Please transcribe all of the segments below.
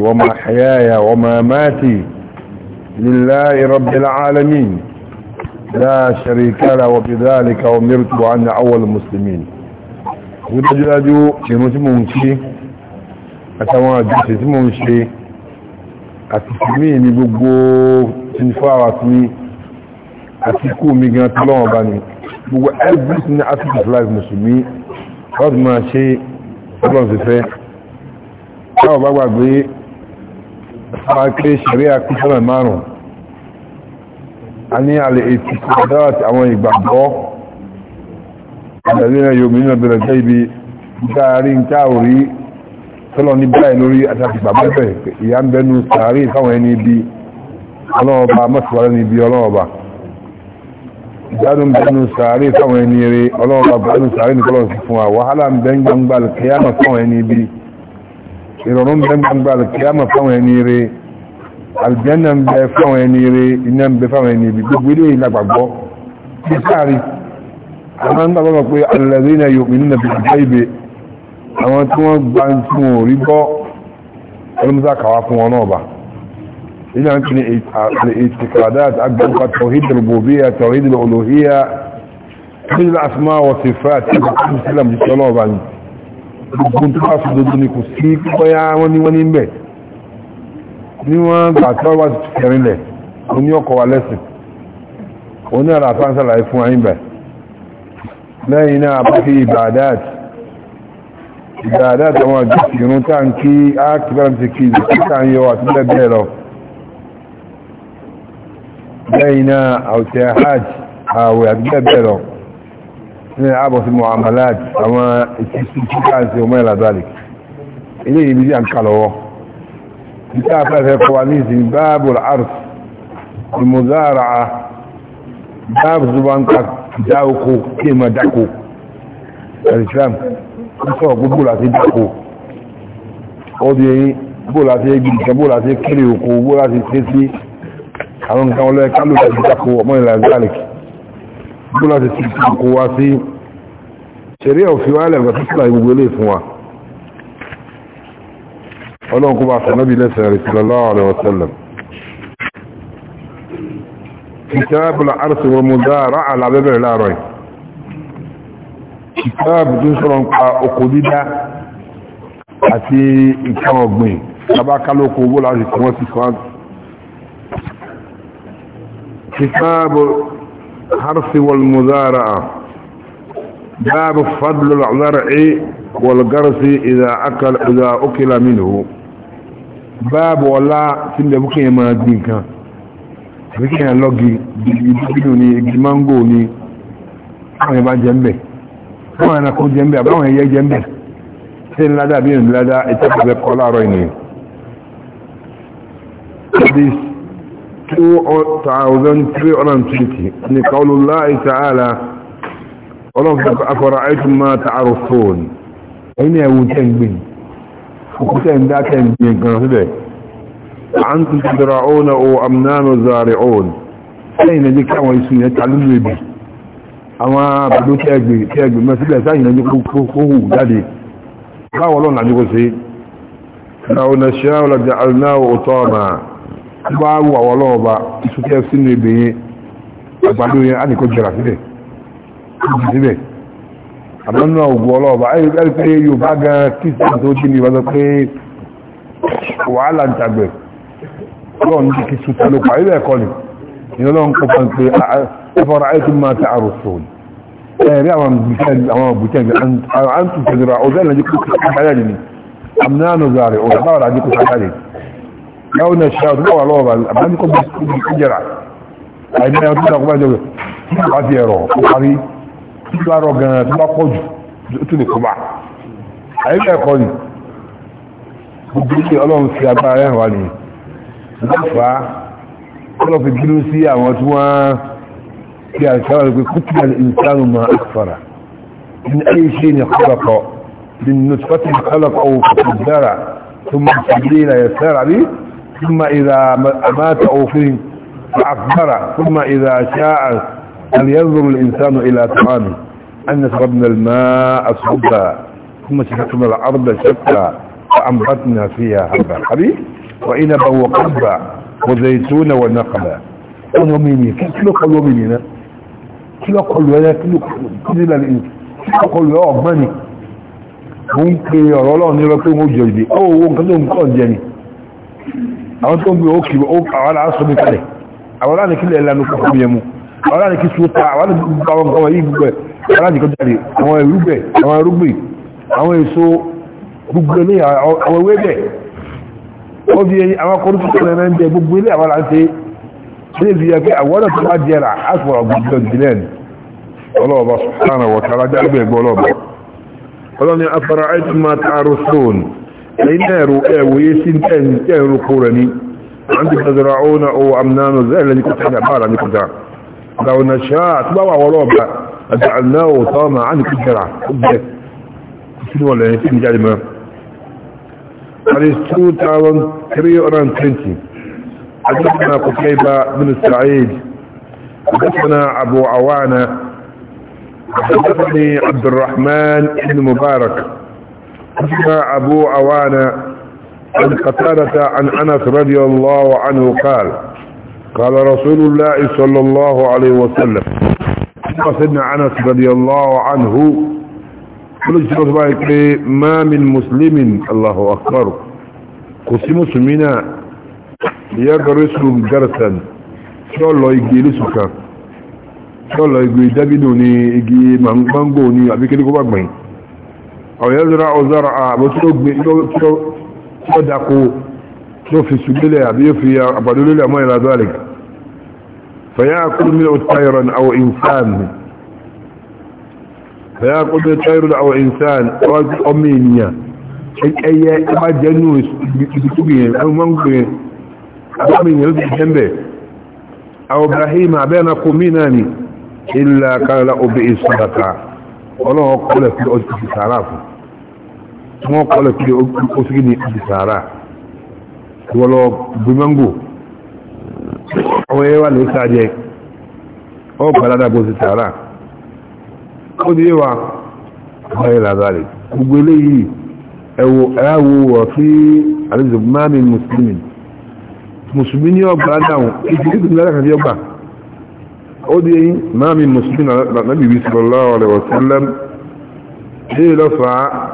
وما حياي وما ماتي لله رب العالمين لا شريك له وبذلك أمرت وأنا أول المسلمين ودجاجو شنو àtàwọn àjọṣe tí mo ń ṣe àti ìsinmi ní gbogbo tìǹfàwà tí àti kú mi gan tí lọ́wọ́ bá ní gbogbo everything aspect of life mùsùlùmí wọ́n ti máa ṣe ọlọ́run ti fẹ́ táwọn bá gbàgbé a kéré ṣàríà kú sọ́nà márùn-ún a ní àlè ètò ìdára ti àwọn ìgbàgbọ́ ìdàlẹ́rẹ̀ yomi náà bẹ̀rẹ̀ jẹ́ ibi dáàrí ń ká orí tọ́lọ ní báyìí lórí àtàkì ìgbàgbẹ́ ìyá ń bẹnu sàárì fáwọn ẹni ibi ọlọ́ọba mọ́síwárẹ́ ní ibi ọlọ́ọba ìdádùn bẹnu sàárì fáwọn ẹni eré ọlọ́ọba bẹnu sàárì nìkọlọ̀ fún wa wàhálà ń bẹ́ fáwọn ẹni ibi ìrọ̀rùn bẹ gbangba alkiyama fáwọn ẹni rẹ̀ aljanna ń bẹ fáwọn ẹni rẹ̀ iná ń bẹ fáwọn ẹni ibi gbogbo ilé ìlàgbàgbọ́ ti sáàrí àwọn ń bàbá pé alẹ́rìnà yóò nínú ìgbà ibè àwọn tí wọ́n tí gbogbo tó bá fi dodo ni kò sí pípọ́yá wọ́n ní wọ́n ní bẹ̀ ní wọ́n gbà tí wọ́n wá ti kẹrin lẹ̀ ó ní ọkọ̀ wa lẹ́sìn ó ní àrà fáńsà láì fún ayín bẹ̀ lẹ́yìn náà pàtí ìbàdáàt ìbàdáàt àwọn àjọ ìrún tá ń kí ákìbára ti kí ìlú títà ń yọ àti bẹ́ẹ̀ ní àbọ̀ sí muamalat àwọn ìṣẹ́sí kíkàǹsì ọmọ ìlàdàlì ilé ìbí sí àǹkà lọ́wọ́ títí àfẹ́fẹ́ kọwa ní ìsìn báàbù àrùs ìmúzára báàbù zuba ń ka dáoko kí ma dáko alìsílám ń sọ gbogbo láti dáko obìnrin bó láti ẹgbì ìṣẹ́ bó láti bọ́lá ti ti kò wá sí ṣeré òfin wá lẹ́gbẹ̀ẹ́ tó sílá ìgbogbo ilé fún wa ọlọ́run kó bá sànábì lẹ́sẹ̀ rẹ̀ sallallahu alaihi wasallam كتاب العرس والمزارع على باب العراي كتاب دوسرون قا اوكوديدا àti nǹkan ọ̀gbìn abákálòkò owó láti الحرث والمزارع باب فضل الزرع والقرس إذا أكل إذا أكل منه باب ولا تنبه بكي ما دينك بكي لوجي بيدوني جمانغوني àwọn ìbá jẹ́mbẹ̀ àwọn ẹnakó jẹ́mbẹ̀ àbáwọn ẹyẹ jẹ́mbẹ̀ tí ń ládá bí i ń ládá ìtẹ́kọ̀ẹ́ kọ́ 2320 ni qaulullahi ta'ala ọlọ́pàá afọ́ra'aitun ma ta'arufun ẹni ẹ̀wù tẹ́gbìn òkútẹ́ ìdá tẹ́gbìn kan síbẹ̀ an tún ti dára ọ́nà o amnánu zari ọ́n sẹ́yìn na jí káwọn isu yẹn tàlúlù ibi àwọn àbúrú tẹ́gbìn mẹ́sílẹ̀ sáyìn na jí bá wù àwọn ọlọ́ọ̀ba ìsúkẹ́ sínú ibè yẹn àgbàdo yẹn á ní kó jẹrà síbẹ̀ síbẹ̀ àmọ́ náà ògùn ọlọ́ọ̀ba ẹ̀rí pé yorùbá gan kristian tó jí ní ìbáṣọ pé wàhálà ń tàgbẹ̀ ọlọ́ọ̀ ní kí sùn tẹ́lẹ̀ pa ilé ẹ̀kọ́ ni ìyẹn ọlọ́ọ̀ ń kọ́ pa pé ẹ̀fọ́ra ayé tó máa ta àròsọ ẹ̀rí àwọn bùtẹ́ àwọn àǹtù tẹ̀lẹ̀ ọ̀dọ́ ìlànà jẹ́ kó kí yau na sha duk wa lawa ba ni ko bi kujera ai na duk da kuma da ba ti ero ko ari duk aro gan duk ko ju tu ni kuma ai ka ko ni duk ki olon si agbára wa ni duk fa olon fi bilu si àwọn tí wọ́n ti a sha wa pé kutiba al insanu ma akfara min ay shay'in khalaqa min nutfatin khalaqa aw qadara ثم سبيل يسار عليه ثم إذا مات فيهم فأكبر ثم إذا شاء أن ينظر الإنسان إلى طعامه أن شربنا الماء صبا ثم شفتنا الأرض شكا فأنبتنا فيها حبا حبيب وإنبا وقبا وزيتون ونقلا وميني كل قلوا منينا كل قلوا ولا كل قلوا الإنسان كيف قلوا أغماني ممكن يرى الله أن أو كيف جلبي أو وقتهم كل جلبي àwọn tó ń gbé òkè àwọn aláṣọ mi kalẹ̀ àwọn aláṣọ kílẹ̀ ẹ̀lànà kọ̀ọ̀kọ̀ mi ẹmu àwọn aláṣọ kí sóta àwọn aláṣọ gbọ́wọ́ yìí gbẹ̀ àwọn aláṣọ kọjáde àwọn ẹrúgbẹ̀ àwọn ẹrúgbìn àwọn èso gbogbo ilé àwọn ewé bẹ̀ ó fi àwọn akọrin tó tẹ̀lé ẹ̀rẹ́ ń bẹ gbogbo ilé àwọn aláṣẹ لينيرو ويسين كان تيرو كوراني عندي بزرعونا او امنان زي اللي كنت انا عباره عن كنت لو نشات بابا وروبا جعلناه طامع عن كجرع كبك كفين ولا يسين يعني جالي ما عليه سو تاون كري اوران تنتي عجبنا قطيبة بن السعيد عجبنا ابو عوانة عجبني عبد الرحمن بن مبارك حدثنا أبو عوانا عن قتالة عن أنس رضي الله عنه قال قال رسول الله صلى الله عليه وسلم سيدنا أنس رضي الله عنه ما من مسلم الله أكبر قسم سمنا يغرس جرسا شلو يجلسك شلو يجلسك شلو يجلسك شلو يجلسك شلو يجلسك أو يزرع زرعا بتوب تدقوا في سبيله أبي في أبدل له ما إلى ذلك فيأكل منه طيرا أو إنسان فيأكل منه طيرا أو إنسان أو أمينيا أي ما جنوس بتوبين أو منقين أو من يلد جنبه أو إبراهيم بين قوميناني إلا قال أبئي صدقا ọlọ́wọ́ kọlẹ̀ pé ọjọ́ ti sàárà fún tí wọ́n kọlẹ̀ pé ó sì ní ti sàárà tí wọ́n lọ gbé mọ́ngò ọmọ yẹn wà ní sáàjẹ́ ọ gbàdádà bó ti sàárà ó ní wa báyìí làzàrè gbogbo eléyìí ẹwọ ẹwọ wọ sí àlejò mami mùsùlùmí mùsùlùmí ní ọgbà dáhùn ìdílé أودي ما من مسلم النبي صلى الله عليه وسلم إيه لفع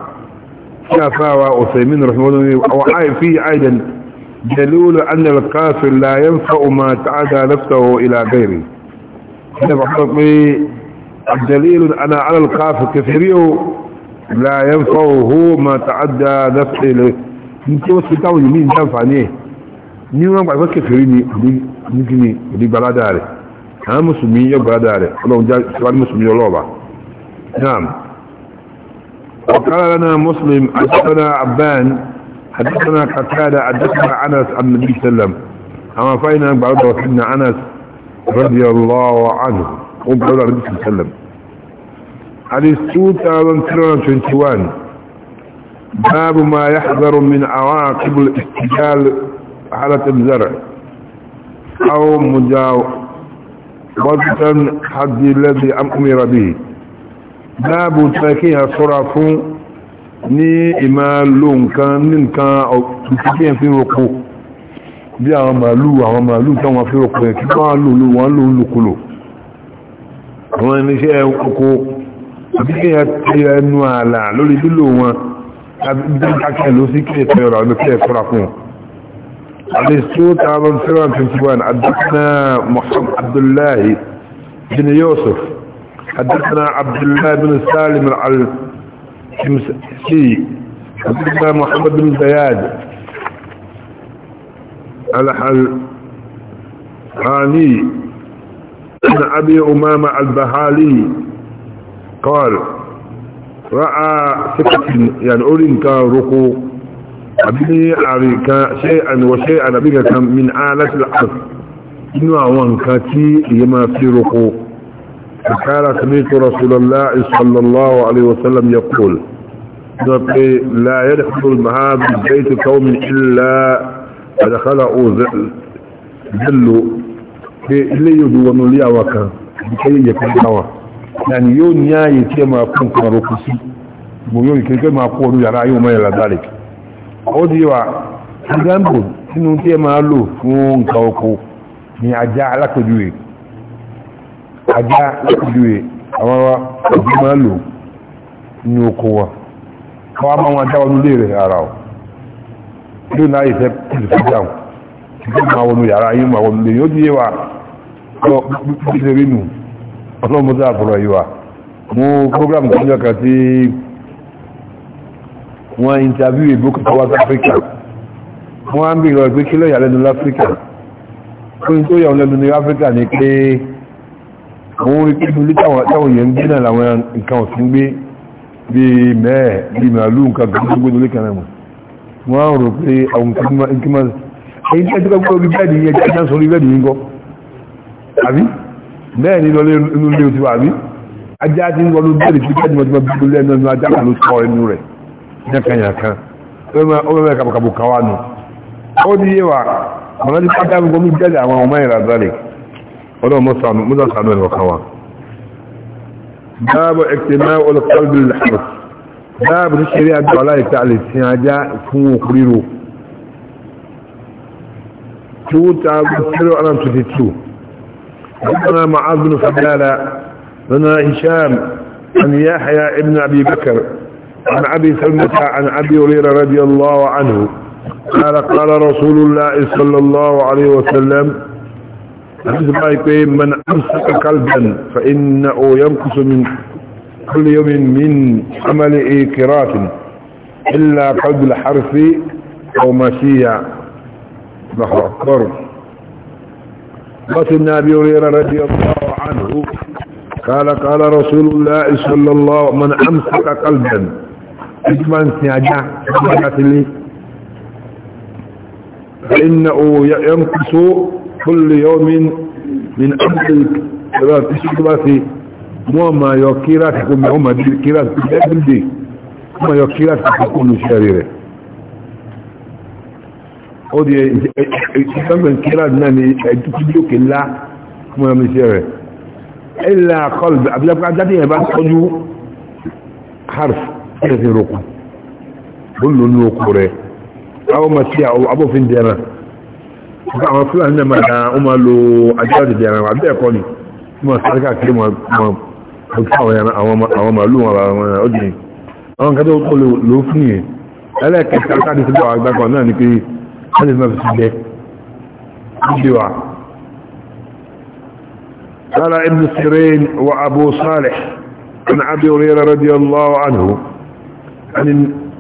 شافا أسيمين رحمه الله وعاي فيه أيضا دلول أن الكافر لا ينفع ما تعدى نفسه إلى غيره أنا بحطك الدليل أنا على الكافر كثيريه لا ينفعه ما تعدى نفسه إليه nítorí wọ́n ti dáwọn yìí ní ìjànfà ní ẹ̀ ní wọ́n gbàgbọ́ kẹfẹ́rí ní ní balada rẹ̀ àwọn mùsùlùmí yóò gbádà rẹ̀ ọlọ́run já síwájú mùsùlùmí ọlọ́ọ̀bà وقال لنا مسلم حدثنا عبان حدثنا قتادة حدثنا أنس عن النبي صلى الله عليه وسلم أما فإن بعد وسيدنا أنس رضي الله عنه قم بعد النبي صلى الله عليه وسلم حديث 2021 باب ما يحذر من عواقب الاستجال على الزرع أو مجاو وقتا حد الذي أمر به باب تاكيها صرف ني إمالون كان من كان تاكيها في وقوع bí àwọn màálù àwọn màálù táwọn fi ọkọ̀ ẹ̀kí bá lòlò wọn ló lòkulò àwọn irinṣẹ́ oko àbíkẹ́ ẹyọ ẹnu ààlà lórí lílò wọn tàbí ló sí kí ẹ̀fẹ́ ọ̀rọ̀ الاسود عام سنة تنسوان حدثنا محمد عبد الله بن يوسف حدثنا عبد الله بن سالم الحمسي حدثنا محمد بن زياد الحلقاني عن ابي امامة البهالي قال رأى ثقة يعني أولين كان رقوق أبي عليك شيئا وشيئا بك من آلة العرض إنه أعوان كاتي يما في رقو فقال سمعت رسول الله صلى الله عليه وسلم يقول لا يدخل هذا بيت قوم إلا أدخله ذل اللي يدون لي أوكا بكي يكون يعني يون ياي كما كنت رقصي ويون كما قولوا يرعي وما إلى ذلك ó di wa example sínú tí ẹ máa lò fún nǹkan oko ni ajá alákòjúwe ajá alákòjúwe àwọn òbí máa lò ní oko wa káwá máa wọn dáwọn nílé rẹ̀ ara ọ̀ ló náà ìfẹ́ kìlì fún dáhùn ìfẹ́ máa wọnú yàrá yìí wọ́n interview ìbúkú for west africa wọ́n á ń bèèrè ọ̀gbẹ́ kí lọ́yà lẹ́nu láfíríkà fún tó yà lẹ́nu ní áfíríkà ní pé àwọn orí pé ilé táwọn yẹn ń gbé náà làwọn nǹkan ò sí ń gbé bí mẹ́ẹ̀ bí màálù nǹkan gbé tó gbódó lẹ́kàn náà wọ́n á rò pé àwọn nǹkan kí máa ẹ̀yìn tí a ti kọ́ gbọ́ orí bẹ́ẹ̀dì yẹn jẹ́ ìdánsọ orí bẹ́ẹ̀dì yìí ń kọ́ àbí bẹ́ẹ̀ ni lọlé inú ilé òtí wa àbí ajá ti ń lọ lórí bẹ́ẹ̀dì tí bẹ́ẹ̀dì mọ̀ yankan-yankan ọmọ mẹ́rin kàbùkàbù kan wá nù ó ní yé wa ọ̀nà ní pátá gbogbo jẹ́lẹ̀ àwọn ọmọ ìrà zalik ọlọ́run mọ́sàn sànú ẹ̀rọ kan wá dáàbò ẹ̀kẹ́mẹ́ olùkọ́lùbí lẹ́hàrùs dáàbò ní ṣeré àjọ aláìta lè sin ajá fún òkú ríro 2022 عندنا معاذ بن فدالة لنا هشام عن يحيى ابن أبي بكر عن أبي سلمة عن أبي هريرة رضي الله عنه قال قال رسول الله صلى الله عليه وسلم من أمسك قلبا فإنه ينقص من كل يوم من عمل كراف إلا قلب الحرف أو ماشيا الله أكبر بطن أبي هريرة رضي الله عنه قال قال رسول الله صلى الله من أمسك قلبا ẹjú máa ń sin ajá nígbàtà sílé ẹ̀yìn òwò yẹn kú só kúlè yọ min amdil ẹ̀rọ tí ṣe bá ṣe wọ́n ma yọ kíra ti kó mẹ́wọ́n ma bí kíra ti kó everyday wọ́n ma yọ kíra ti kó kúlù ṣe rẹ̀ ó di ìsọ́gbọ̀n kíra náà ni ẹ̀jú tí bí ó kè ńlá wọ́n ma mi ṣe rẹ̀ ẹ̀là kọlù àbílẹ̀ kẹsì roko ó lò ní oko rẹ̀ àwọn ọmọ sí abófin jẹran ọkọ àwọn fúlàní náà máa da ó máa lo ajáde jẹran àbí ẹ̀kọ́ ni ó máa sáré káàkiri mọ àwọn màálù wọn àwọn ọdún àwọn kẹtọ́ tó lò fún yẹn ẹlẹ́ẹ̀kẹta káàdì sí àwọn agbákan náà ni pé káàdì náà fi sí jẹ wa قال ابن سيرين وابو صالح عن ابي هريره رضي الله عنه عن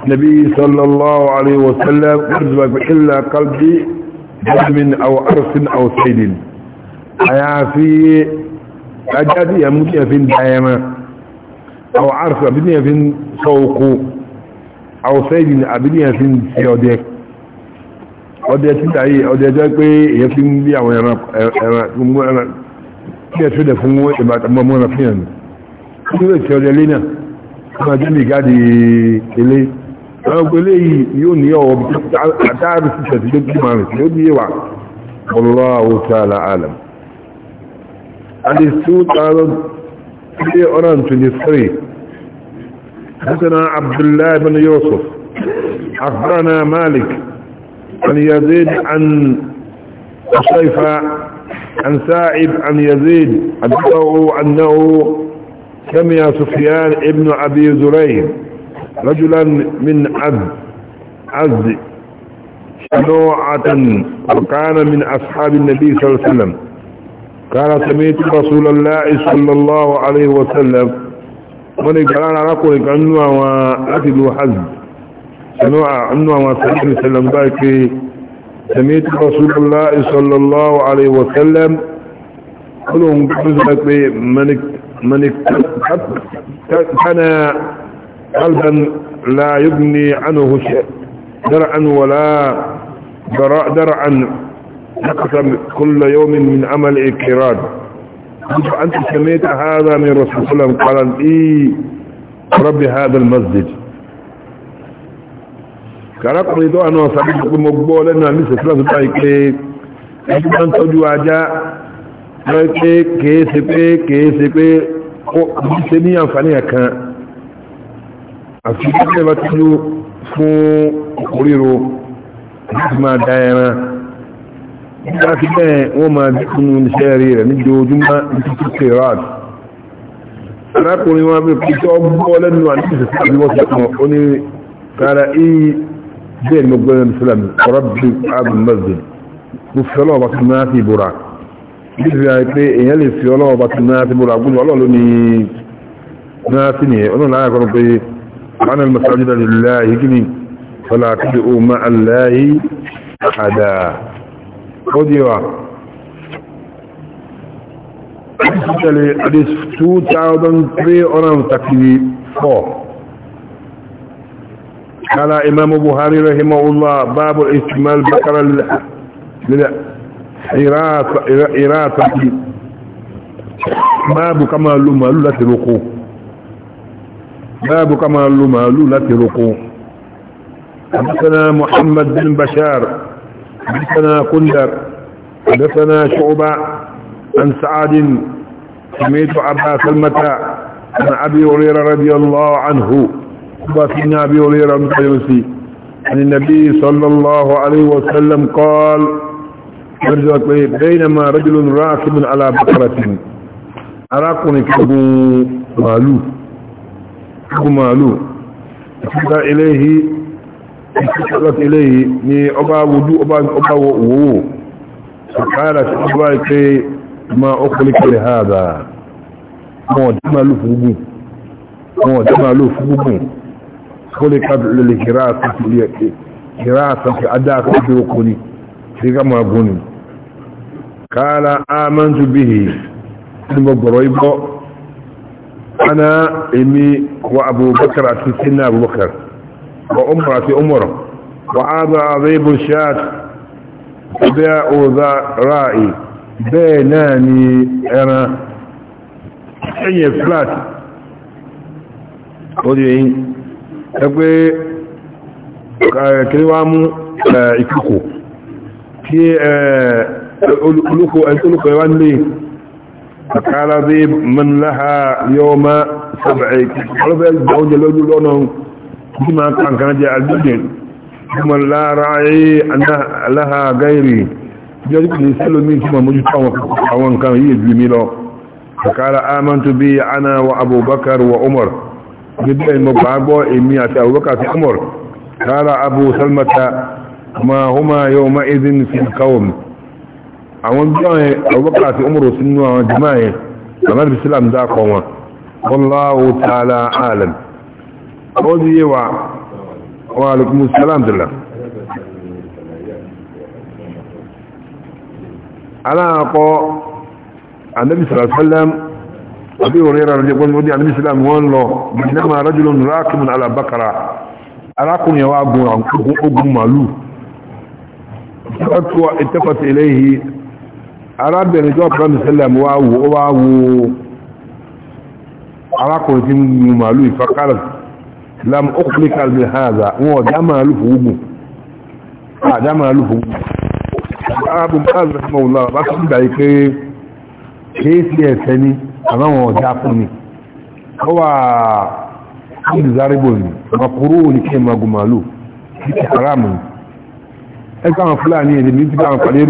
النبي صلى الله عليه وسلم يرزبك إلا قلبي جزم أو أرس أو سيد أيافي أجاد يموت يفين دائما أو عرس أبني يفين سوق أو سيد أبني يفين سيوديك ọdẹ títà yìí ọdẹ jẹ́ pé èyẹ fi ń bí àwọn ẹran tí ẹ̀ tó dẹ̀ fún ìbátan mọ́mọ́ra ní ọdẹ tí ọmọ jẹ́ nìgáde ilé ọgbẹ́ eléyìí yóò ní ọwọ́ àtàrí sí ṣẹ̀tì tó gbé márùn tí ó ní ìwà Allahu ta'ala alam alẹ́ 2323 حدثنا عبد الله بن يوسف أخبرنا مالك عن يزيد عن شيفة عن سائب عن يزيد أدعوه أنه سمع سفيان ابن أبي زريم رجلا من عز عز شنوعة وكان من أصحاب النبي صلى الله عليه وسلم قال سمعت رسول الله صلى الله عليه وسلم من قال أنا أقول أنه وأكد حز شنوعة أنه وسلم سلم سميت سمعت رسول الله صلى الله عليه وسلم قلهم قلت منك من كان قلبا لا يبني عنه شيء درعا ولا درعا نقص كل يوم من عمل اكراد انت سميت هذا من رسول الله قال ايه رب هذا المسجد كان ريدو انه صديق مقبول انه لسه ثلاث دقائق ان تجوا جاء pé kìí ṣe pé kìí ṣe pé kìí ṣe ní àǹfààní ẹ̀kan àti ìgbẹ́ bá ti ló fún oríro láti máa da ẹran nígbà tí bẹ́ẹ̀ wọ́n máa dínkùnú iṣẹ́ rí rẹ̀ níjojúmọ́ nítorí kìrọ́t arákùnrin wọn bí kí tó lẹ́nu àníṣe sí àbíwọ́ ìdíje àyè pé èèyàn lè fi ọlọ́wọ́ bá ti náà ti bọ̀rọ̀ àgúnjọ ọlọ́ọ̀lọ́ ní náà sí nìyẹn ọlọ́run láyà kọ́nà pé ánà masajida lillahi gini fọlá àkàdé o ma aláhi àdá ó di wa kala imam buhari rahimahullah babu ishmal bakara lil ìráàtà kí باب كما máa lo màálù باب كما لمالو لترقو حدثنا محمد بن بشار حدثنا كندر حدثنا شعبة عن سعد سميت أبا سلمة عن أبي هريرة رضي الله عنه وفينا أبي هريرة عن النبي صلى الله عليه وسلم قال يرجع بينما رجل راكب على بقرة أراكم كبو مالو كبو مالو اتبع إليه اتبعت إليه ني أبا ودو أبا أبا وو فقالت أباك ما أخلك لهذا مو دمالو فبو مو دمالو فبو خلق للهراسة هراسة أداك أبوكني في كما بني قال آمنت به المبريب أنا إمي وأبو بكر أتسنى أبو بكر وأمرة أمر وعاد عظيم الشاة بيع ذا رائي بيناني أنا أي فلات وديعين أقول كلمة إكوكو كي أه olùkọ ẹ̀tọ́lùkọ ẹwà lè àkàrà rí mọ́nláha yọ́ ma sàbẹ̀ẹ̀ ọlọ́fẹ́ oúnjẹ lójú lọ́nà kí ma kankan jẹ alìjìn kuma lára ayé aláha gairi jẹ́ ní sẹ́lómi kí ma mójú àwọn nǹkan yìí ju mi lọ àkàrà amantu bí ana wa abubakar wa umar níbẹ̀ mo gbàgbọ́ èmi àti abubakar àti umar قال أبو سلمة ما هما يومئذ في القوم àwọn bí wọn abubakar àti umaru sí nínú àwọn jùmọ́ yẹn àwọn bí islam dákọ̀ wọn wallahu ta'ala alam ó di yé wa wa alaikumus salam dìlà aláàkọ́ annabi sallallahu alaihi wasallam abi hurairah radiyallahu anhu annabi sallam wọ́n lọ bìnnàmà rajulun rakimun gun ogun màlúù اتفت اليه arábìnrin tó bá mùsùlùmí wá wo ó wá wo arákùnrin tí mú màálù ìfakàrà lam ọkùnrin kalbi haza wọn ọ̀dá màálù fòógùn àdá màálù fòógùn arábùn kalbi mọ̀lá bá tó ń dàí pé kéèsì ẹ̀fẹ́ ní àwọn ọ̀dá fún ni ó wà ẹgbẹ́ àwọn fúlàní ẹ̀dẹ̀ ti bá àwọn pàdé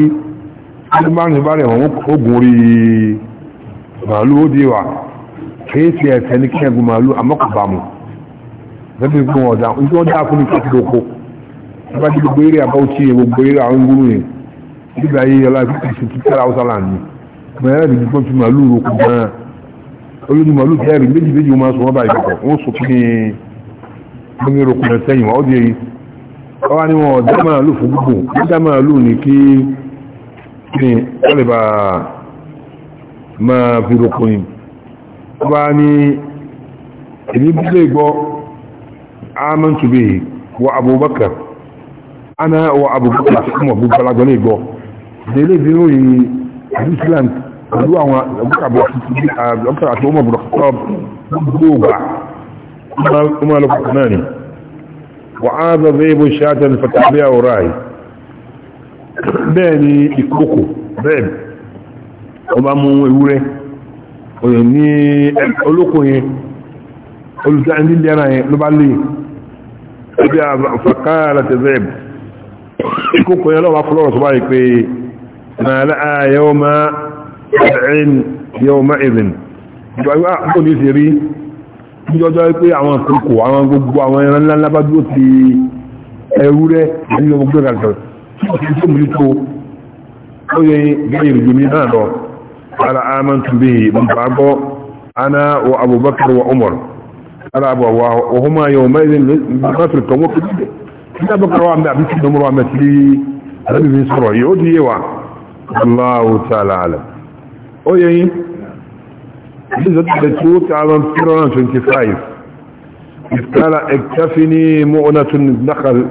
ní márùn-ún bá rẹ̀ wọ́n ogun orí màálù ó díwà kìí sí ẹ̀sẹ̀ ní kẹ́gùn màálù àmọ́kùbàmù lẹ́bí gbọ́n ọ̀dá ojú ọjá fún ní kẹ́kẹ́ oko bá jí gbogbo eré àbáwọ̀tí gbogbo eré àwọn gbúrú yẹn nígbà yìí ọlá ìfẹ́sì tí kára ọ̀sá là ní mẹ́rẹ́ ìdí fún ti màálù roko gan-an olójú màálù kẹrin méjì méjì wọn máa sọ wọn bá ìgbàgbọ́ wọn sọ fún ní gbẹ́mí roko sẹ́yìn wọn ó di èyí ọwá ni wọn ní ọlẹ́bà máa fi rọ̀kùn ní ọba ní ìlú ilé gbọ́ wa abubakar ana wa abubakar fún lè gbọ́ bẹ́ẹ̀ ni ìkókò bẹ́ẹ̀ ọba mú ewúrẹ́ òyè ní olóko yẹn olùtá ní lẹ́ra yẹn ló bá lè ẹbí àfàkàrà tẹ̀sẹ̀ ìkókò yẹn lọ́wọ́ fọlọ́rọ̀ tó bá ah, rí pé nàlá yóò má ẹ̀ẹ́n yóò má مجتو أي غير جميعنا له أنا آمنت به من بعضه أنا وأبو بكر وعمر أنا أبو وهما يومئذ بخاطر الكمور كده كده بكر وعمد عبد كده عمر وعمد لي هذا في سرعة يعود الله تعالى أعلم أي إذا تبتوت على الكرة 25 إذ قال اكتفني مؤنة نخل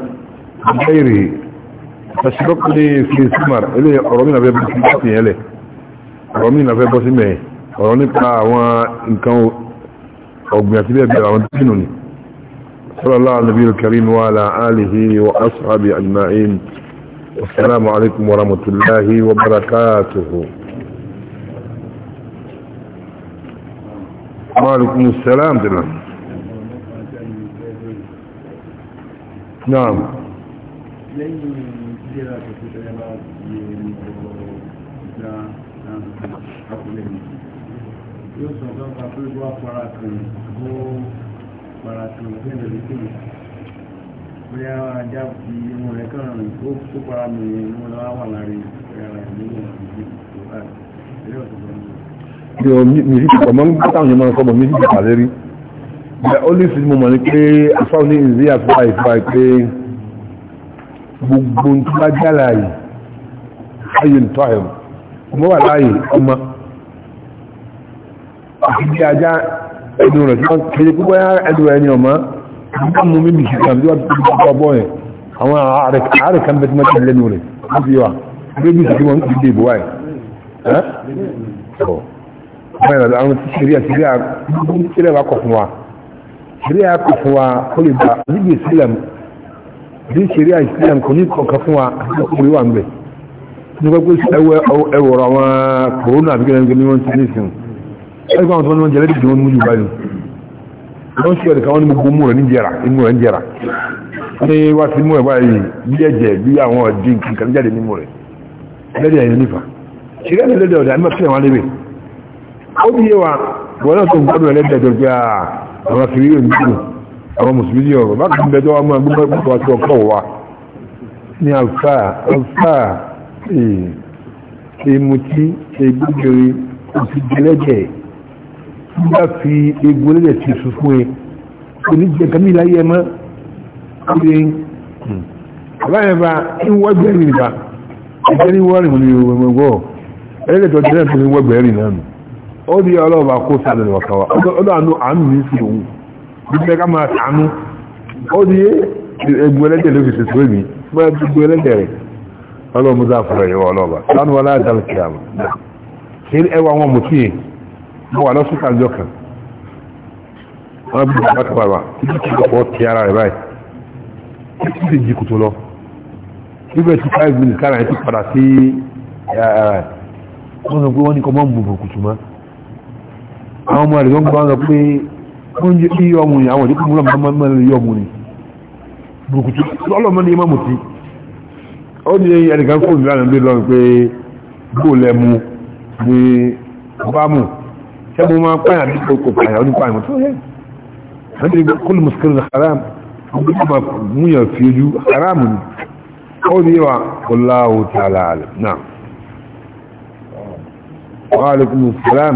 غيره تشرقني في سمر إليه أرامينا في بسمتي إليه أرامينا في بسمه أرامينا بقى إن كانوا أبنياتي بيه بيه صلى الله على النبي الكريم وعلى آله وأصحابه أجمعين والسلام عليكم ورحمة الله وبركاته وعليكم السلام دلوقتي. نعم kira ka fi ɗaya ba yi ìgbà àkùlẹ̀ mi yóò sọ fún ọkọ̀ pé bó apara kan bó para kan fún ẹ̀rọ ìpínlẹ̀ bóyá ajá fi irun rẹ̀ kàn rìn tó tó para mi irun lọ́wọ́ wà láàrin ẹ̀rọ ìlú mi sí pọ̀ mọ́ nígbà táwọn èèyàn sọ́bọ̀ mi sí pọ̀ lérí. ó lè fi mọ̀ ní pé afáwọn ní ìzí àti báyìí gbogbo tó bá jẹ́ láàyè ayé ń tọ́ ẹ̀rù ọmọ wà láàyè ọmọ àti bí ajá ẹnu rẹ̀ tí wọ́n kéde púpọ̀ ẹnu rẹ̀ ni ọmọ wọ́n mú mímì sí kan tí wọ́n ti gbogbo ọbọ̀ yẹn àwọn ààrẹ kan bẹ́ẹ̀ tí wọ́n ti lẹ́nu rẹ̀ wọ́n fi wà bébí sí wọn ti dé bí ṣeré àìsíyàn kò ní kọ̀ọ̀kan fún wa àkókòrò wà ń bẹ̀ ní gbogbo ẹwọ̀rọ̀ àwọn kòrónà àbí gẹ́gẹ́ ní wọ́n ti ní ìsìn ẹgbẹ́ àwọn tó wọ́n jẹ́lẹ́dì tí wọ́n mú yùbá yìí wọ́n ṣe ẹ̀dẹ̀kan wọ́n ní gbogbo mú rẹ̀ ní jẹ́ra inú rẹ̀ ń jẹ́ra ní wá sí mú ẹ̀bá yìí bí ẹ̀jẹ̀ bí àwọn ọ̀dí nǹkan jáde ní mú rẹ̀ lẹ́dẹ̀ ẹ̀yìn nífà ṣeré ẹ̀lẹ́dẹ̀ ọ̀dà ẹ̀mọ́ fẹ́ wọn lébe ó bí yé wa wọ́n náà tó gbọ́dọ̀ ẹ̀lẹ́dẹ̀ tó àwọn mùsùlùmí yìí ọ̀rọ̀ bá kàn bẹ́jọ́ wọn máa gbogbo ẹgbẹ́ àti ọkọ̀ wa ní alfa alfa èmùtí egbògiri òsì jẹlẹ́jẹ̀ tí bá fi egbò lẹ́jẹ̀ ti sùn fún ẹ oníjẹ kàmí láyé ẹmọ́ ilé àbáyẹ̀ bá ń wọ́gbẹ̀ rìn bá ẹgbẹ́ ní wọ́rìn mú ní ìwọ̀gbọ̀ ẹlẹ́dẹ̀ tó jẹ́ náà tó ní wọ́gbẹ̀ rìn náà ó di ọlọ́ọ̀bà kó sálẹ̀ wọ̀kọ̀wà ọdọ́ àánú àánú ní sí òun gbígbẹ́ ká máa tàánú ó di egbò ẹlẹ́dẹ̀ ló fi ṣètò èmi bá gbogbo ẹlẹ́dẹ̀ rẹ̀ ọlọ́mọdá fúnra ìwọ ọlọ́ba lánàá aláàdàlùkìyàmù ṣe ẹwà wọn mú tíye wọ́n wà lọ́sùkà ìjọ kan wọ́n bí bàbá kàbàbà títí tí ọkọ̀ ti ara rẹ̀ báyìí títí tí jì kùtù lọ níbẹ̀ tí five minutes kára ẹ̀ ti padà sí wọ́n yẹ kí yọmù ni àwọn ìdíkùn múlò máa máa lè yọmù ni burúkutu lọ́lọ́mọ ni imá mùtí ó ní ẹnìkan kó ní lánàá lórí lọ́rùn pé bóòlẹ̀ mu ní ọbámu ṣẹ́gun máa pààyàn àti kò pààyàn ó ní pààyàn tó yẹ àti ní kó lè mùsùlùmí haram ó máa múyàn fi ojú haram ni ó ní wa wallahu ta'ala alam náà wa alaikum salaam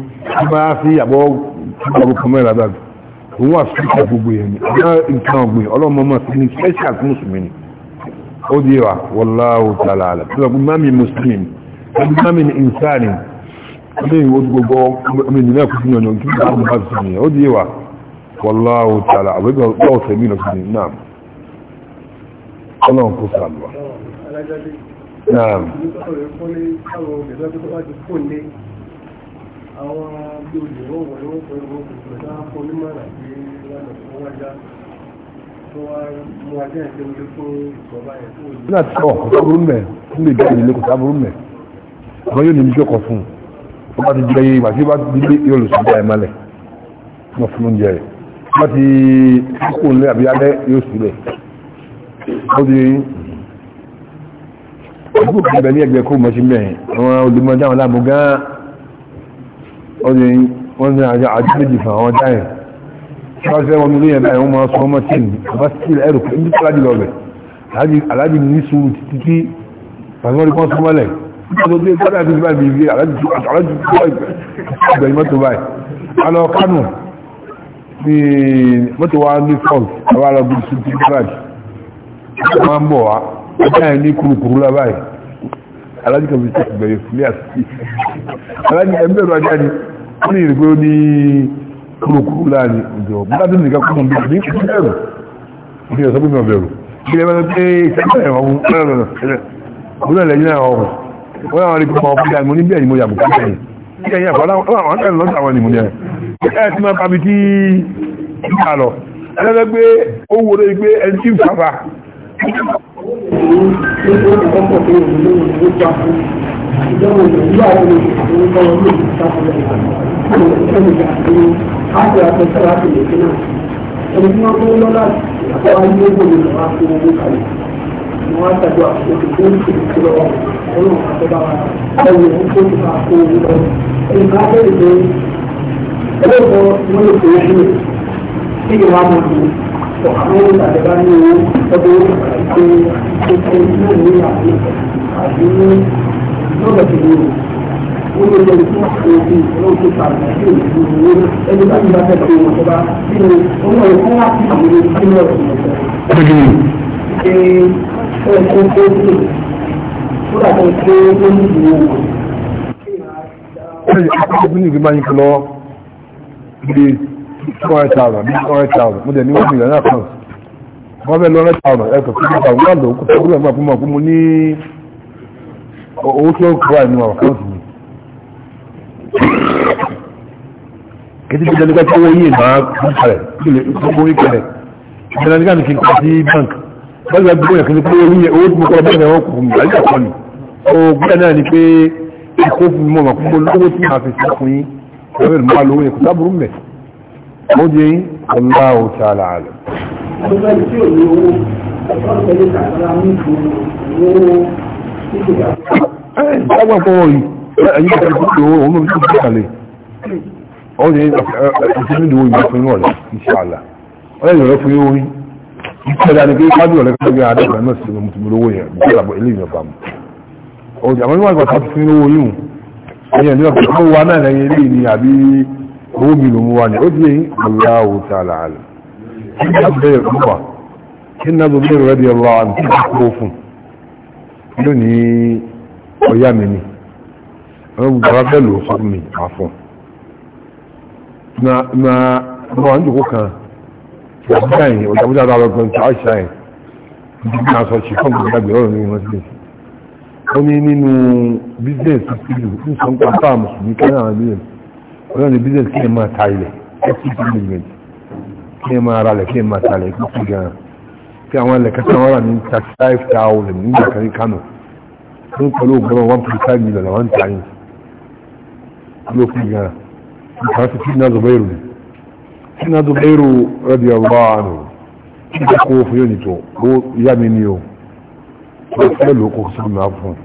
tí bá sí àbọ̀ àbọ̀ kọmẹ́rà dáadáa òun wà sí ìta gbogbo yẹn ni ọjọ́ nǹkan ọ̀gbìn ọlọ́mọ mọ̀ sí ní special fún mùsùlùmí ó di wa wallahu ta'ala àlẹ́ tí wọ́n mami muslim ẹni mami ni insani ọdún ìwò gbogbo ọmọ ìdílé kùsù ní ọjọ́ kí wọ́n bá sí ní ó di wa wallahu ta'ala àbẹ́gbẹ̀ àwọn bí olè wọ́n wọ̀lé pẹ̀lú wọn pẹ̀lú àwọn onímọ̀ràn lọ́nà tó wá já tó wá mú ajá ìṣe orí fún ìjọba yẹn tó nígbà tí ọ̀ kò sábúrú sábúrú mẹ́ àwọn yóò ní ibi jọkọ̀ fún un wọ́n bá ti jẹ́ ìgbà tí ó bá ti dé yóò lò sọ́jà ẹ̀ mọ́lẹ̀ wọ́n fún oúnjẹ rẹ̀ wọ́n ti kókò nílé àbí alẹ́ yóò sílẹ̀ ó di ìgbòkè ìbẹ̀ ní ẹgbẹ́ kó mọ̀ sí mẹ́rin àwọn olùmọ̀dá àwọn aláàmú gan-an ọdún yìí wọ́n ní àjọ àjọ́jì fún àwọn dáyẹ̀ ṣáṣẹ́ wọn nílé ẹ̀bá ẹ̀wọ́n máa sọ mọ́tí ní bá sí ẹ̀rù ní tíláàjì lọ rẹ̀ aláàjì ní sùúrù títí tí pàṣípàrí kan súnmọ́lẹ̀ aláàjì kan fi ṣe ìgbẹ̀yẹ̀ fúlé àti aláàjì ẹgbẹ̀rún ajá ni wọ́n ní ìrìgbé ó ní kúròkúrò láàrin ìjọ bọ́lájú nìkan kúrò ní ìdí ìbẹ̀rù ìdí ọ̀sọ́ gbígbà bẹ̀rù ilé bá pé ìṣẹ́lẹ̀ ọ̀hún ọ̀rọ̀ lẹ́yìn ọ̀hún wọ́n àwọn ìpínlẹ̀ ọ̀pọ̀ ìyá ìmú ní bí ẹ̀yìn mo yàgò kúrò ẹ̀yìn ẹ̀yìn àpọ̀lá àwọn ẹ̀rìn lọ́sà àwọn ìmú ní ẹ̀ ti máa pàbí tí ìgbà lọ ẹlẹ́gbẹ́ pé ó wo lórí pé ẹni ìjọba ìjọba àwọn ìṣàkóso ọmọ ìṣàkóso àwọn ìṣàkóso àti àti àtẹ̀sẹ̀ láti lè fi náà. ẹni tí wọ́n kún lọ́la àtọ́ ayé gbòmí lọ wá fún owó kalẹ̀. wọ́n á tàjọ àkókò tó ń ṣe ìṣòro ọ̀hún àtọ́ba wa ẹ̀yìn lọ́dọ̀ ti lóru ó lè lọ fún òbí lóṣù tàbí sí òṣù owó ẹni bá yìí bá fẹ́ pé wọn bá nínú owó ẹ̀ fún láti àwọn ìlú ọ̀sùn ọ̀sẹ̀. ṣé ẹ kó tó tó tó dàbọ̀ pé ó ní ìwò wọn. ṣé ìṣàkóso ní ìgbìmọ̀ yín kan lọ bí two hundred thousand bí two hundred thousand mo dẹ̀ ní one million náà kan wọ́n fẹ́ lọ́rẹ́ thousand ẹ̀kọ́ fún mi kà wọ́n lò ó kó tó kúrò ẹ̀gbọ́n fún mi kó mo ní owó tí ó kọ́ àìní ọ̀rọ̀ káàtì ní kìtìkì jẹ́lẹ́gbẹ́ tí ó yí ìmáà kìtìkì gbogbo ìkẹ̀lẹ̀ jẹ́lẹ́gbẹ́ ní kí n kọ́ sí bank bọ́lá gbogbo ìyàn kìtìkì owó yí owó tí mo kọ́ bẹ́ẹ̀ wọ́n kù mí àyíká kọ́ ni ó gbọ́dọ̀ náà ni pé ìkó fún mi mọ̀ fún olówó tí màá fi sí fún yín lọ́wọ́ ìlú máa lówó yẹn kò sábúrú mẹ́ ó di yín ọlá ò tí a là á lọ ọgbà fọwọ́ yìí ẹ̀yí kò tó tó òun lóbi tó tó kalẹ̀ ọ ní ìṣẹ́lẹ̀ ìdíwọ̀ ìgbà fún inú ọ̀rẹ́ ìṣàlà ọ̀rẹ́ ìrọ̀lẹ́ fún yóò rí ìṣẹ̀lẹ̀ àti pé kájú ọ̀rẹ́ fún yóò adẹ́gbà náà sí ọmọ tìmọ̀ lówó yẹn bí ìlàbọ̀ ilé ìyọba mu ọjà àwọn ìwà ìgbà fún owó yìí ẹ̀yẹ̀ ní ọ̀pọ̀ owó wa náà lẹ́yìn ilé ni àbí owó mi lòun wà ní ó ti yẹn aláwo ta làálẹ̀ kí ní abẹ́rẹ́ rẹ̀ wà kí ní abẹ́rẹ́ rẹ̀ di ọlọ́ lónìí ọ̀yá mi ni àwọn gbogbo bẹ́ẹ̀ lò fún mi àfọ̀ na na ọmọ àwọn ìjòkó kan ìjàmúdà yìí ọjàmúdà ara ọgbọ̀n tí àṣà yìí ìdíjì náà sọ ṣe fún gbogbo àgbẹ̀ ọ̀rọ̀ nínú wọn sílẹ̀ ó ní nínú bísíǹsì sílù ní sọ ń pa fáà mùsùlùmí kí náà nílẹ̀ ọ̀rọ̀ ní bísíǹsì kí ẹ máa ta ilẹ̀ ẹ sì kí ẹ máa ra ilẹ̀ kí ẹ máa ta ilẹ̀ kí gan-an tí àwọn ẹlẹ́kẹta wọ́n rà ní 35,000 nígbà kan ní Kano tó ń pẹ̀lú ògbọ́n 1.5 million àwọn tààyè ló fi gan nǹkan sí tí náà zubairu ni tí náà zubairu rẹ̀dí ọ̀rọ̀ àánú tí ó kó fún yóò nìtò ó yá mi ní o tó fẹ́ ló kó sí náà fún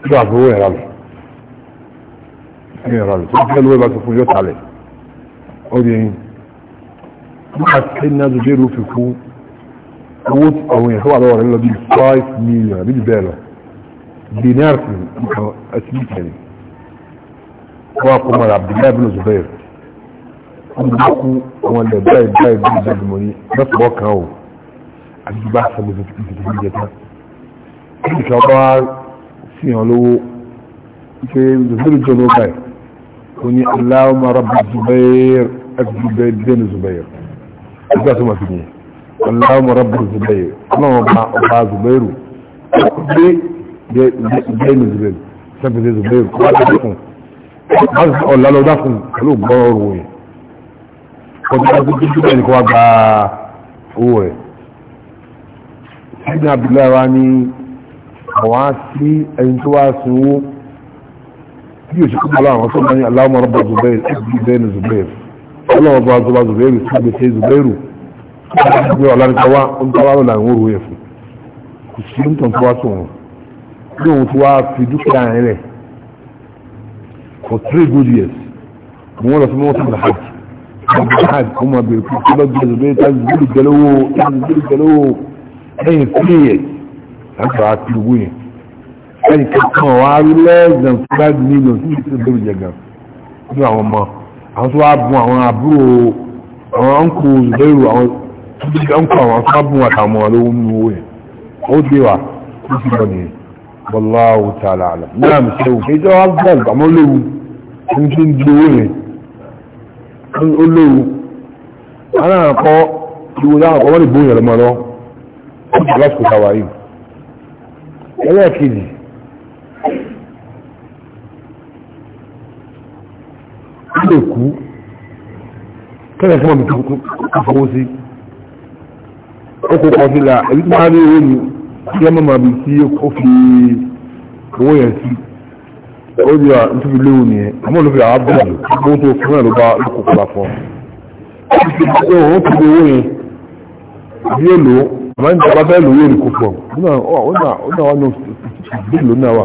tí wà fún ẹ̀rọ lọ ẹ̀rọ lọ tó fẹ́ ló bá tó fún yóò talẹ̀ ó di ẹyin nígbà tí ní azùjẹ́rù fi kú owó àwọn èèyàn tó wà lọ́wọ́ rẹ̀ lọ bí five million àbí jù bẹ́ẹ̀ lọ dinar sí nǹkan ẹsẹ̀ ìkẹyìn wọ́n kọ́ mọ́ra abdullahi bin zubair wọ́n bí kú àwọn ilẹ̀ báyìí báyìí bí ìjọba ìmọ̀ yìí lọ́sọ̀ wọ́n kàn ó àti bá sọmọ tó ti tán kí nìkan bá sí hàn lówó pé zubair jọ ló báyìí ó ní aláwọ̀ mọ́ra bí zubair ẹgbẹ́ bẹ́ẹ̀ dẹ́nu zubair ọjọ́ tó ma fi yẹn aláwọ̀ rọ́bù zubairu ọlọ́wọ́ bá ọba zubairu gbé gbẹ́nu zubairu sẹ́pẹ̀sẹ̀ zubairu kọ́ bá tẹ́lẹ̀ fún ọ̀la lọ dá fún pẹ̀lú gbọ́rọ̀ rò yẹn kọjú bá tó dúdú bẹ́ẹ̀ ni kọ́ wá gba owó rẹ̀ sẹ́yìn abdullahi wa ní àwọn sí ẹni tó wá sanwó bí òṣèlú bọ́lá àwọn tó máa ní aláwọ̀ rọ́bù zubairu ọlọ́wọ́ bá zọba zubairu sí gbèsè zubairu ní ọ̀lànìkọwà ń tọ́wà lọ́la ń wòrò ẹ̀fù kò sí ń tàn tọ́wà sọ̀rọ̀ ní òun tó wá fi dúkìá yẹn rẹ̀ for three good years mo wọ́n lọ sí mọ́tò ní hajj ní hajj ó máa bèrè kí ọlọ́ jẹ́ zubairu tá zubairu gẹlẹ́wò tá zubairu gẹlẹ́wò lẹ́yìn three years láti wá sí owó yẹn lẹ́yìn kankan wá rí less than five million sí zubairu àwọn tó wá bùn àwọn àbúrò àwọn ọ̀nkù zubairu àwọn ọ̀nkù àwọn tó wá bùn àtàwọn olówó nínú owó yẹn ó dé wà ó sì lọ nìyẹn bọ́láwù tààlà àlà náà mi ṣe wù kí ìjọba bọ́ọ̀lù àmọ́ ń di owó yẹn ó lè kú kẹ́lẹ̀ fún ọmọ ìtàkùn àfọwọ́ sí ó kò kọ́ sílá èyí tó máa rí owó ni kí ọmọ m'a bí sí ó fi owó yẹn sí ó di à ń tóbi léwu nìyẹn àmọ́ ló fi àwọn abúlé àgbọ̀n tó fún ẹ̀ ló bá lóko kọ́lá fún ọ. ó ti di pé òun ti di owó yẹn bí ó lò ó àmọ́ níta bá fẹ́ lò ó yẹn kò pọ̀ ó náà wà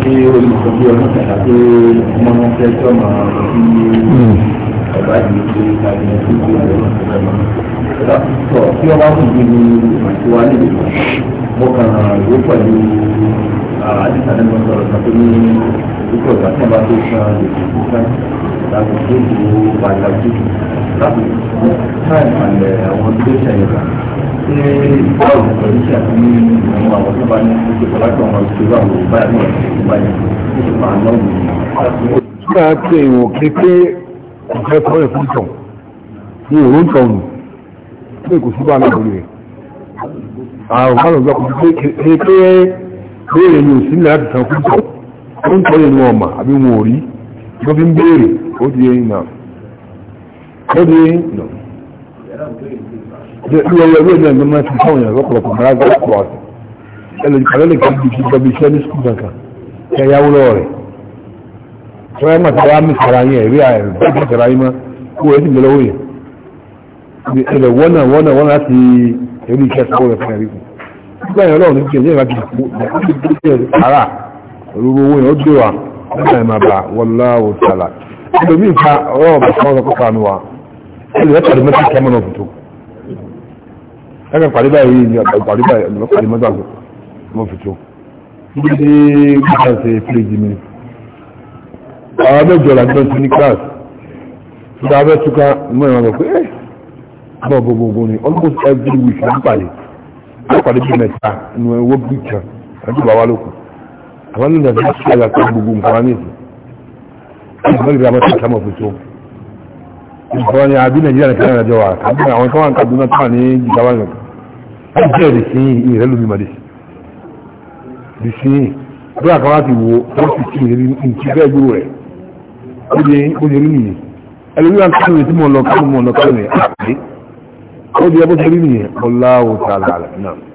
tí olùkọ́ bí ọdún kẹta pé ọmọ wọn fẹ́ tí ọmọ ọ̀rọ̀ bí ọba yìí ṣe tàbí ẹni tó ṣe ọ̀rọ̀ ọ̀rọ̀ ọ̀rọ̀ sọ tí ọba kù bí ní àti wa níbi mo kàn ló pẹ̀lú àdìsàdé lọ sọ̀rọ̀ kan tó ní ìdúkọ̀ ìgbà tí wọ́n bá tó san lè fi kú sáà láti tó ìdúró padà jù Nígbà tí èèwọ̀n kéèké ọ̀fẹ́ fọ́rẹ̀ fún ìtàn ní èrò ń tọ̀nù tí èkó sí bá náà lórí rẹ̀. Àrùn bá lọ́gbà kò sí kéèké béèrè ní òsínlẹ̀ tàn fún ìtàn. Ó ń tọ́ ìlú ọmọ àbí wọn ò rí. Wọ́n fi ń béèrè ó di ẹyin náà kọ́ni lọ́wọ́ ẹgbẹ́ náà ló máa ti fáwọn èèyàn lọ́pọ̀lọpọ̀ mara gbọ́dọ̀ ọ̀sẹ̀ ẹlòmíkàlẹ́ lè kàbí ti gbọ́bi iṣẹ́ ní sukùl kankan kẹ yáwó lọ́wọ́ rẹ̀ tí wọ́n máa tàwa mí sara yẹn ẹ̀rí ààrẹ bẹ́ẹ̀ sara yẹn máa kó ẹ̀ sì gbẹ lọ́wọ́ yẹn ẹ̀rẹ̀ wọ́nà wọ́nà wọ́n láti ẹ̀rí iṣẹ́ sọ́wọ́ rẹ̀ fún ẹ̀rí nígbà yẹn lọ́wọ́ ní kí ẹ̀yẹ́ láti kú ẹ̀rí ara ẹlùmọ́ pàdé mẹ́ta kẹ́mọ́ náà fìtó ẹgbẹ́ pàdé báyìí ni pàdé báyìí ẹlùmọ́ pàdé mẹ́ta mọ́ fìtó níbi tí gbígbà ṣe fílẹ̀jì mi àwọn abẹ́jọ làgbẹ́ sí ní kíláàsì tó dáa abẹ́ túká mọ́ ìwọ̀n lọ pé ẹ́ eh, àbọ̀ gbogbogbò ni almost every week ní pàdé àpàdé bí mẹ́ta ní owó bí kan àti bàbá lóko àwọn nígbà tí wọ́n ṣe àgbà gbogbo nǹkan wá ní ìsìn ìfọ́n ni àbí nàìjíríà ní kánà àjọ wa àbí àwọn tó wà ń Kaduna tó wà ní Jigawa nìkan láti jẹ́ èdè sí ìrẹ́ lómi mọ̀dé lè sí bí àkàwà ti wo wọ́n sì kí ìrírí nìkí bẹ́ẹ̀ gbúrò rẹ̀ ó di ó di rí nìyí ẹlẹ́bí wa kánú tí mo lọ kánú mo lọ kánú rẹ̀